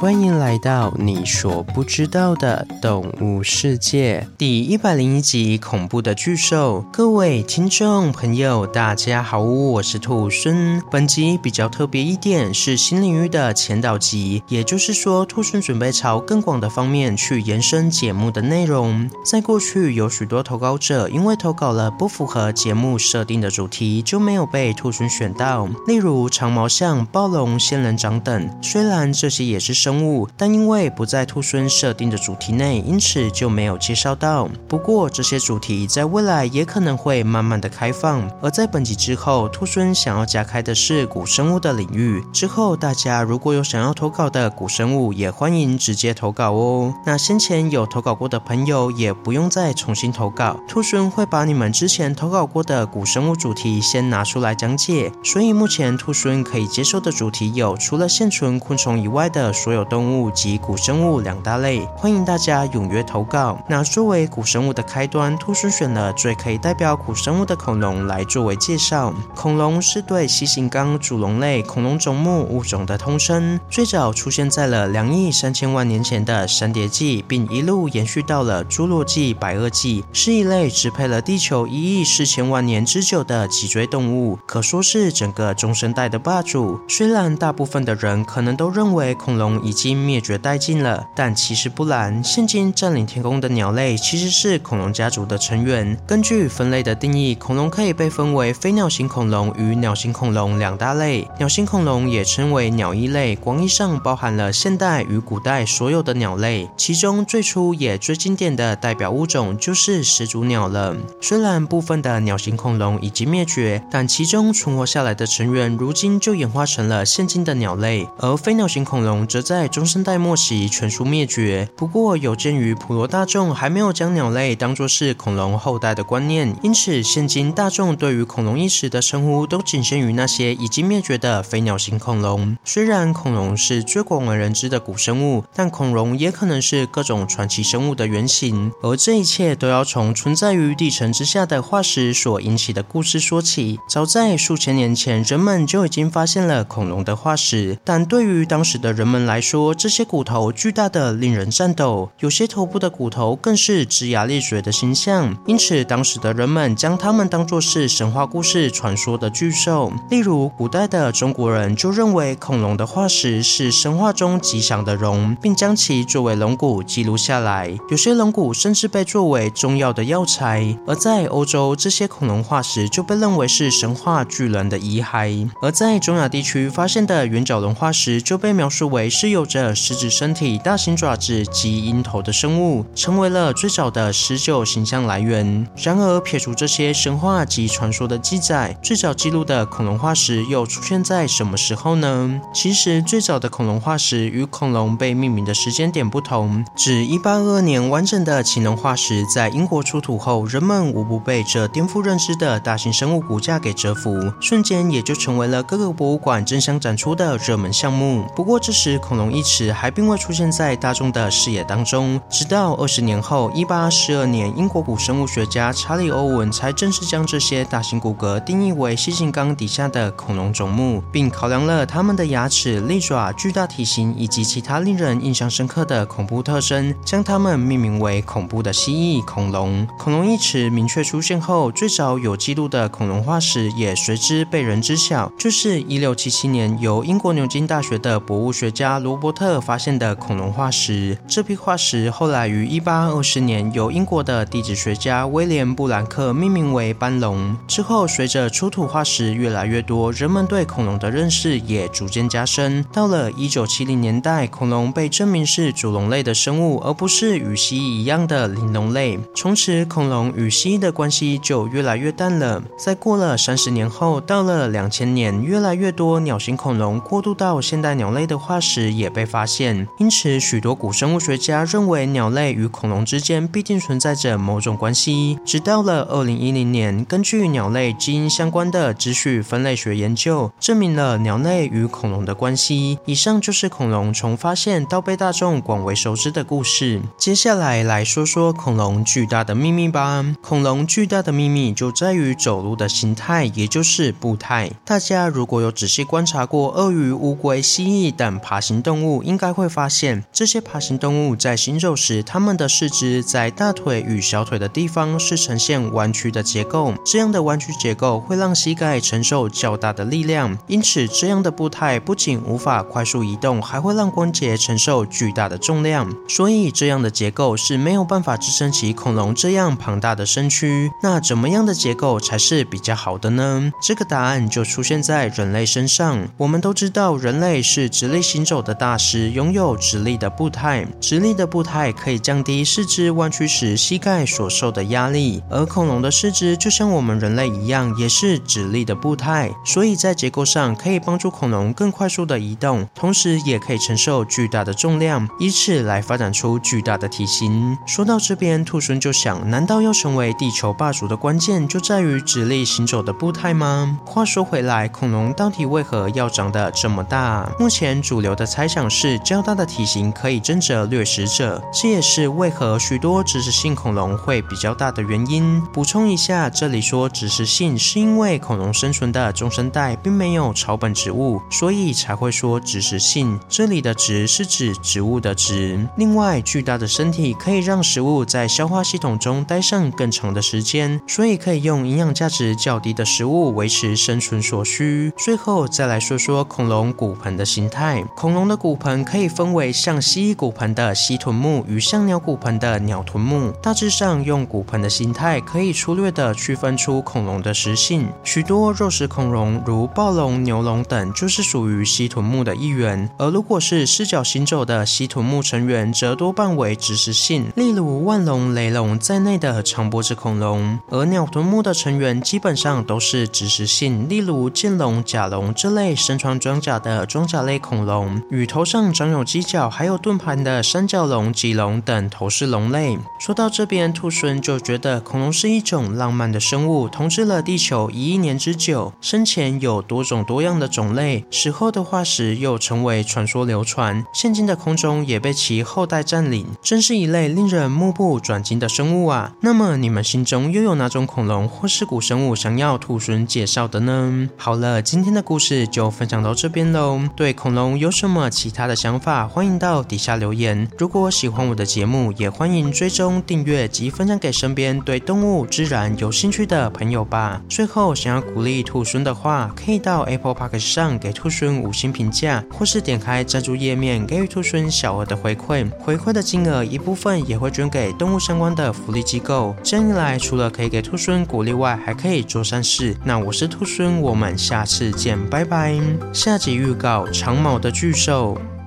歡迎來到你所不知道的動物世界第一百零一集：恐怖的巨獸。各位聽眾朋友，大家好，我是兔猻。本集比較特別一點是新領域的前導集，也就是說，兔猻準備朝更廣的方面去延伸節目的內容。在過去，有許多投稿者因為投稿了不符合節目設定的主題，就沒有被兔猻選到，例如長毛象、暴龍、仙人掌等。雖然這些也是生物，但因為不在兔猻設定的主題內，因此就沒有介紹到。不過這些主題在未來也可能會慢慢的開放。而在本集之後，兔猻想要加開的是古生物的領域。之後大家如果有想要投稿的古生物，也歡迎直接投稿哦。那先前有投稿過的朋友也不用再重新投稿，兔猻會把你們之前投稿過的古生物主題先拿出來講解。所以目前兔猻可以接受的主題有，除了現存昆蟲以外的所有。動物及古生物兩大類，歡迎大家踴躍投稿。那作為古生物的開端，兔猻選了最可以代表古生物的恐龍來作為介紹。恐龍是對蜥形綱主龍類恐龍總目物種的通稱，最早出現在了兩億三千萬年前的三疊紀，並一路延續到了侏羅紀、白堊紀，是一類支配了地球一億四千萬年之久的脊椎動物，可說是整個中生代的霸主。雖然大部分的人可能都認為恐龍已已經滅絕殆盡了，但其實不然。現今佔領天空的鳥類其實是恐龍家族的成員。根據分類的定義，恐龍可以被分為非鳥型恐龍與鳥型恐龍兩大類。鳥型恐龍也稱為鳥翼類，廣義上包含了現代與古代所有的鳥類。其中最初也最經典的代表物種就是始祖鳥了。雖然部分的鳥型恐龍已經滅絕，但其中存活下來的成員如今就演化成了現今的鳥類，而非鳥型恐龍則在在中生代末期全數滅絕。不過，有鑑於普羅大眾還沒有將鳥類當作是恐龍後代的觀念，因此現今大眾對於恐龍一詞的稱呼都僅限於那些已經滅絕的非鳥型恐龍。雖然恐龍是最廣為人知的古生物，但恐龍也可能是各種傳奇生物的原型。而這一切都要從存在於地層之下的化石所引起的故事說起。早在數千年前，人們就已經發現了恐龍的化石，但對於當時的人們來說，說這些骨頭巨大的令人顫抖，有些頭部的骨頭更是齜牙咧嘴的形象，因此當時的人們將它們當作是神話故事傳說的巨獸。例如，古代的中國人就認為恐龍的化石是神話中吉祥的龍，並將其作為龍骨記錄下來。有些龍骨甚至被作為重要的藥材。而在歐洲，這些恐龍化石就被認為是神話巨人的遺骸。而在中亞地區發現的原角龍化石就被描述為是，具有着食指身體、大型爪子及鷹頭的生物，成為了最早的獅鷲形象來源。然而，撇除這些神話及傳說的記載，最早記錄的恐龍化石又出現在什麼時候呢？其實，最早的恐龍化石與恐龍被命名的時間點不同。至1822年，完整的禽龍化石在英國出土後，人們無不被這顛覆認知的大型生物骨架給折服，瞬間也就成為了各個博物館爭相展出的熱門項目。不過，這時恐龍一詞還並未出現在大眾的視野當中，直到二十年後，一八四二年，英國古生物學家查理·歐文才正式將這些大型骨骼定義為蜥形綱底下的恐龍種目，並考量了它們的牙齒、利爪、巨大體型以及其他令人印象深刻的恐怖特徵，將它們命名為“恐怖的蜥蜴恐龍”。恐龍一詞明確出現後，最早有記錄的恐龍化石也隨之被人知曉，就是一六七七年由英國牛津大學的博物學家，羅伯特發現的恐龍化石，這批化石後來於一八二四年由英國的地質學家威廉·布蘭克命名為斑龍。之後，隨着出土化石越來越多，人們對恐龍的認識也逐漸加深。到了一九七零年代，恐龍被證明是主龍類的生物，而不是與蜥蜴一樣的鱗龍類。從此，恐龍與蜥蜴的關係就越來越淡了。再過了三十年後，到了兩千年，越來越多鳥形恐龍過渡到現代鳥類的化石也被發現，因此許多古生物學家認為鳥類與恐龍之間必定存在着某種關係。直到了二零一零年，根據鳥類基因相關的支序分類學研究，證明了鳥類與恐龍的關係。以上就是恐龍從發現到被大衆廣為熟知的故事。接下來來說說恐龍巨大的秘密吧。恐龍巨大的秘密就在於走路的形態，也就是步態。大家如果有仔細觀察過鱷魚、烏龜、蜥蜴等爬行動。動物應該會發現，這些爬行動物在行走時，它們的四肢在大腿與小腿的地方是呈現彎曲的結構。這樣的彎曲結構會讓膝蓋承受較大的力量，因此這樣的步態不僅無法快速移動，還會讓關節承受巨大的重量。所以，這樣的結構是沒有辦法支撐起恐龍這樣龐大的身軀。那怎麼樣的結構才是比較好的呢？這個答案就出現在人類身上。我們都知道，人類是直立行走的。大師擁有直立的步態，直立的步態可以降低四肢彎曲時膝蓋所受的壓力，而恐龍的四肢就像我們人類一樣，也是直立的步態，所以在結構上可以幫助恐龍更快速的移動，同時也可以承受巨大的重量，以此來發展出巨大的體型。說到這邊，兔孫就想，難道要成為地球霸主的關鍵就在於直立行走的步態嗎？話說回來，恐龍到底為何要長得這麼大？目前主流的猜。像是較大的體型可以爭着掠食者，這也是為何許多植食性恐龍會比較大的原因。補充一下，這裡說植食性是因為恐龍生存的中生代並沒有草本植物，所以才會說植食性。這裡的植是指植物的植。另外，巨大的身體可以讓食物在消化系統中待上更長的時間，所以可以用營養價值較低的食物維持生存所需。最後再來說說恐龍骨盆的形態，恐龍的。骨盆可以分為像蜥蜴骨盆的蜥臀目與像鳥骨盆的鳥臀目。大致上用骨盆的形態可以粗略的區分出恐龍的食性。許多肉食恐龍如暴龍、牛龍等就是屬於蜥臀目的一員。而如果是四腳行走的蜥臀目成員，則多半為植食性，例如腕龍、雷龍在內的長脖子恐龍。而鳥臀目的成員基本上都是植食性，例如劍龍、甲龍這類身穿裝甲的裝甲類恐龍。與頭上長有犄角、還有盾牌的三角龍、戟龍等頭飾龍類。說到這邊，兔猻就覺得恐龍是一種浪漫的生物，統治了地球一億年之久，生前有多種多樣的種類，死後的化石又成為傳說流傳，現今的空中也被其後代佔領，真是一類令人目不轉睛的生物啊！那麼你們心中又有哪種恐龍或是古生物想要兔猻介紹的呢？好了，今天的故事就分享到這邊嘍。對恐龍有什麼？其他的想法，歡迎到底下留言。如果喜歡我的節目，也歡迎追蹤、訂閱及分享給身邊對動物、自然有興趣的朋友吧。最後，想要鼓勵兔猻的話，可以到 Apple Podcast 上給兔猻五星評價，或是點開贊助頁面給予兔猻小額的回饋。回饋的金額一部分也會捐給動物相關的福利機構。這樣一來，除了可以給兔猻鼓勵外，還可以做善事。那我是兔猻，我們下次見，拜拜。下集預告：長毛的巨獸。哦。